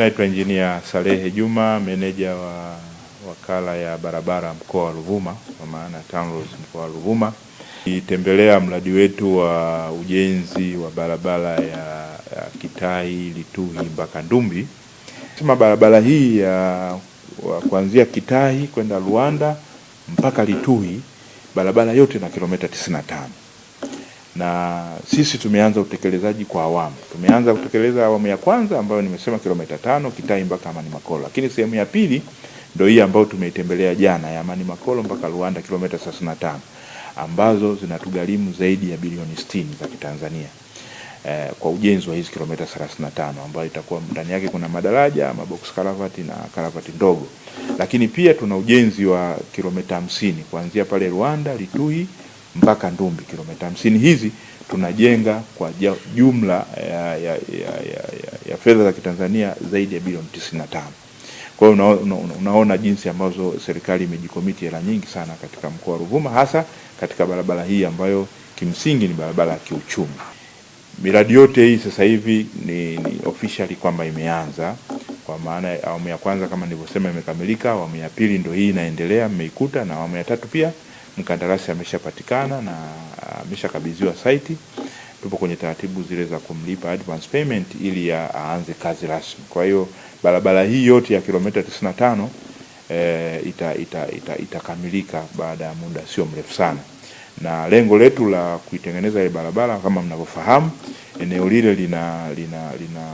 Naitwa Engineer Salehe Juma, meneja wa wakala ya barabara mkoa wa Ruvuma, kwa maana TANROADS mkoa wa Ruvuma. Nitembelea mradi wetu wa ujenzi wa barabara ya, ya Kitai Lituhi mpaka Ndumbi. Sema barabara hii ya kuanzia Kitai kwenda Luanda mpaka Lituhi, barabara yote na kilomita 95 na sisi tumeanza utekelezaji kwa awamu. Tumeanza kutekeleza awamu ya kwanza ambayo nimesema kilomita tano Kitai mpaka Amani Makolo, lakini sehemu ya pili ndio hii ambayo tumeitembelea jana ya Amani Makolo mpaka Luanda kilomita 35 ambazo zinatugharimu zaidi ya bilioni 60 za Kitanzania eh, kwa ujenzi wa hizi kilomita 35 ambayo itakuwa ndani yake kuna madaraja, mabox karavati na karavati ndogo, lakini pia tuna ujenzi wa kilomita 50 kuanzia pale Rwanda Litui mpaka Ndumbi kilomita hamsini. Hizi tunajenga kwa jumla ya, ya, ya, ya, ya fedha za Kitanzania zaidi ya bilioni tisini na tano. Kwa hiyo una, una, unaona jinsi ambazo serikali imejikomiti hela nyingi sana katika mkoa wa Ruvuma hasa katika barabara hii ambayo kimsingi ni barabara ya kiuchumi. Miradi yote hii sasa hivi ni, ni officially kwamba imeanza kwa maana awamu ya kwanza kama nilivyosema imekamilika, awamu ya pili ndio hii inaendelea, mmeikuta na awamu ya tatu pia mkandarasi ameshapatikana na ameshakabidhiwa saiti, tupo kwenye taratibu zile za kumlipa advance payment ili aanze kazi rasmi. Kwa hiyo barabara hii yote ya kilomita 95 e, itakamilika ita, ita, ita baada ya muda sio mrefu sana, na lengo letu la kuitengeneza ile barabara kama mnavyofahamu, eneo lile lina lina lina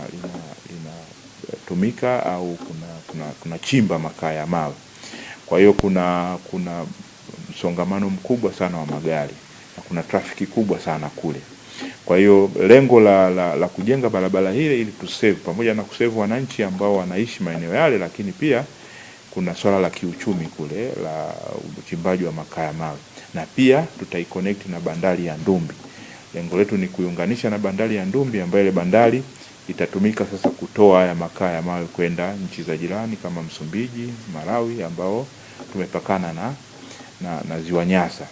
linatumika lina, au kuna, kuna, kuna chimba makaa ya mawe. Kwa hiyo kuna kuna msongamano mkubwa sana wa magari na kuna trafiki kubwa sana kule. Kwa hiyo lengo la, la, la kujenga barabara hile ili tusave pamoja na kusave wananchi ambao wanaishi maeneo yale, lakini pia kuna swala la kiuchumi kule la uchimbaji wa makaa ya mawe na pia tutaikonekti na bandari ya Ndumbi. Lengo letu ni kuiunganisha na bandari ya Ndumbi ambayo ile bandari itatumika sasa kutoa haya makaa ya mawe kwenda nchi za jirani kama Msumbiji, Malawi ambao tumepakana na na, na ziwa Nyasa.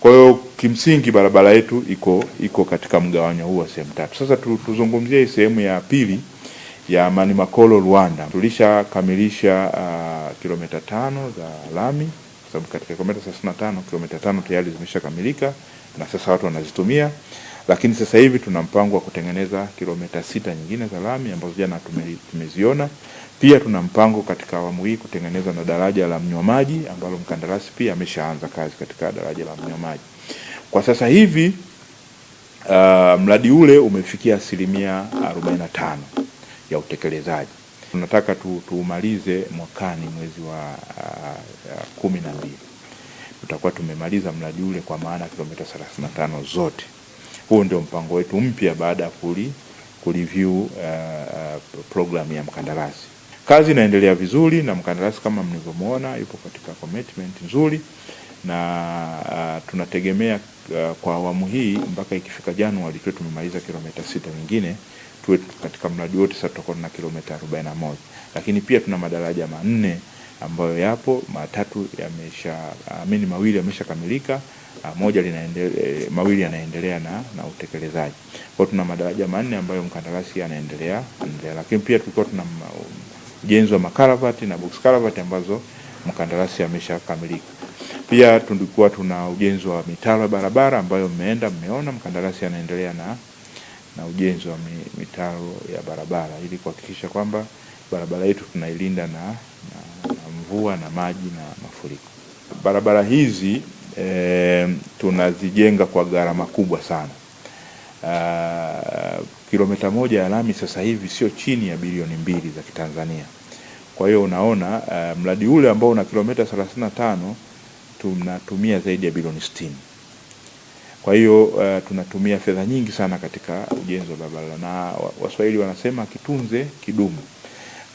Kwa hiyo kimsingi barabara yetu iko iko katika mgawanyo huu wa sehemu tatu. Sasa tu, tuzungumzie sehemu ya pili ya mani Makolo Luanda. Tulishakamilisha uh, kilomita tano za lami kwa sababu katika kilomita 35 kilomita tano tayari zimeshakamilika na sasa watu wanazitumia lakini sasa hivi tuna mpango wa kutengeneza kilomita sita nyingine za lami ambazo jana tumeziona. Pia tuna mpango katika awamu hii kutengeneza na daraja la mnywamaji ambalo mkandarasi pia ameshaanza kazi katika daraja la mnywamaji. Kwa sasa hivi uh, mradi ule umefikia asilimia 45 ya utekelezaji. Tunataka tu, tuumalize mwakani mwezi wa uh, kumi na mbili tutakuwa tumemaliza mradi ule kwa maana kilomita 35 zote. Huo ndio mpango wetu mpya baada ya kuli kureview uh, uh, program ya mkandarasi. Kazi inaendelea vizuri na mkandarasi kama mlivyomwona yupo katika commitment nzuri na uh, tunategemea uh, kwa awamu hii mpaka ikifika Januari tuwe tumemaliza kilomita sita nyingine tuwe katika mradi wote. Sasa tutakuwa na kilomita 41, lakini pia tuna madaraja manne ambayo yapo, matatu yamesha amini, uh, mawili yameshakamilika. Ah, moja linaendelea, eh, mawili yanaendelea na, na utekelezaji. Kwa tuna madaraja manne ambayo mkandarasi anaendelea anaendelea, lakini pia tulikuwa tuna ujenzi wa makaravati na box karavati ambazo mkandarasi ameshakamilika. Pia tulikuwa tuna ujenzi wa mitaro ya barabara ambayo mmeenda mmeona, mkandarasi anaendelea na, na ujenzi wa mitaro ya barabara ili kuhakikisha kwamba barabara yetu tunailinda na, na, na mvua na maji na mafuriko. Barabara hizi e, tunazijenga kwa gharama kubwa sana. Uh, kilomita moja ya lami sasa hivi sio chini ya bilioni mbili za Kitanzania. Kwa hiyo unaona ah, mradi ule ambao una kilomita 35 tunatumia zaidi ya bilioni 60. Kwa hiyo uh, tunatumia fedha nyingi sana katika ujenzi wa barabara, na Waswahili wanasema kitunze kidumu.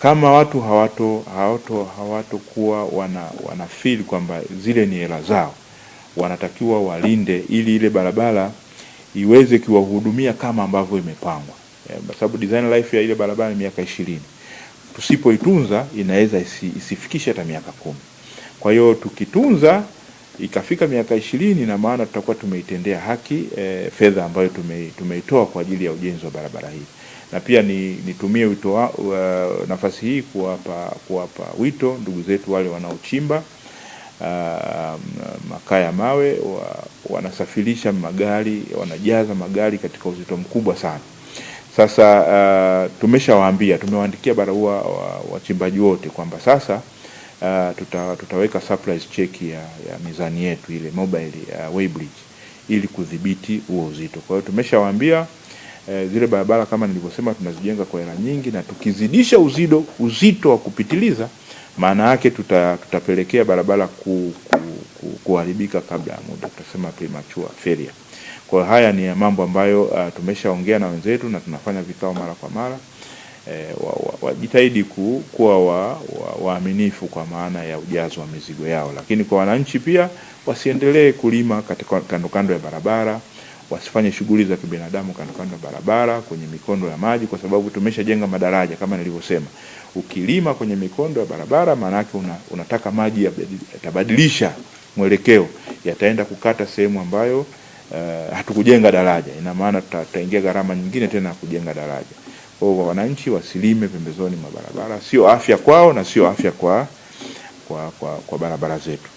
Kama watu hawato hawato hawatokuwa wana, wana feel kwamba zile ni hela zao wanatakiwa walinde ili ile barabara iweze kuwahudumia kama ambavyo imepangwa, eh, kwa sababu design life ya ile barabara ni miaka ishirini. Tusipoitunza inaweza isi, isifikishe hata miaka kumi. Kwa hiyo tukitunza ikafika miaka ishirini, na maana tutakuwa tumeitendea haki e, fedha ambayo tume, tumeitoa kwa ajili ya ujenzi wa barabara hii. Na pia ni, nitumie wito uh, nafasi hii kuwapa kuwapa wito ndugu zetu wale wanaochimba makaya um, makaa ya mawe wa, wanasafirisha magari, wanajaza magari katika uzito mkubwa sana. Sasa uh, tumeshawaambia, tumewaandikia barua wachimbaji wa wote kwamba sasa uh, tuta, tutaweka surprise check ya, ya mizani yetu ile mobile uh, weighbridge ili kudhibiti huo uzito. Kwa hiyo tumeshawaambia eh, zile barabara kama nilivyosema tunazijenga kwa hela nyingi, na tukizidisha uzido uzito wa kupitiliza maana yake tuta, tutapelekea barabara ku, ku, ku, kuharibika kabla ya muda, tutasema premature failure. Kwa hiyo haya ni mambo ambayo uh, tumeshaongea na wenzetu na tunafanya vikao mara kwa mara e, eh, wajitahidi wa, wa, kuwa wa, waaminifu wa kwa maana ya ujazo wa mizigo yao, lakini kwa wananchi pia wasiendelee kulima katika kando kando ya barabara wasifanye shughuli za kibinadamu kando kando ya barabara, kwenye mikondo ya maji, kwa sababu tumeshajenga madaraja kama nilivyosema. Ukilima kwenye mikondo ya barabara, maana yake una, unataka maji yatabadilisha mwelekeo, yataenda kukata sehemu ambayo uh, hatukujenga daraja. Ina maana tutaingia gharama nyingine tena ya kujenga daraja. Kwa hiyo wananchi wasilime pembezoni mwa barabara, sio afya kwao na sio afya kwa, kwa, kwa, kwa barabara zetu.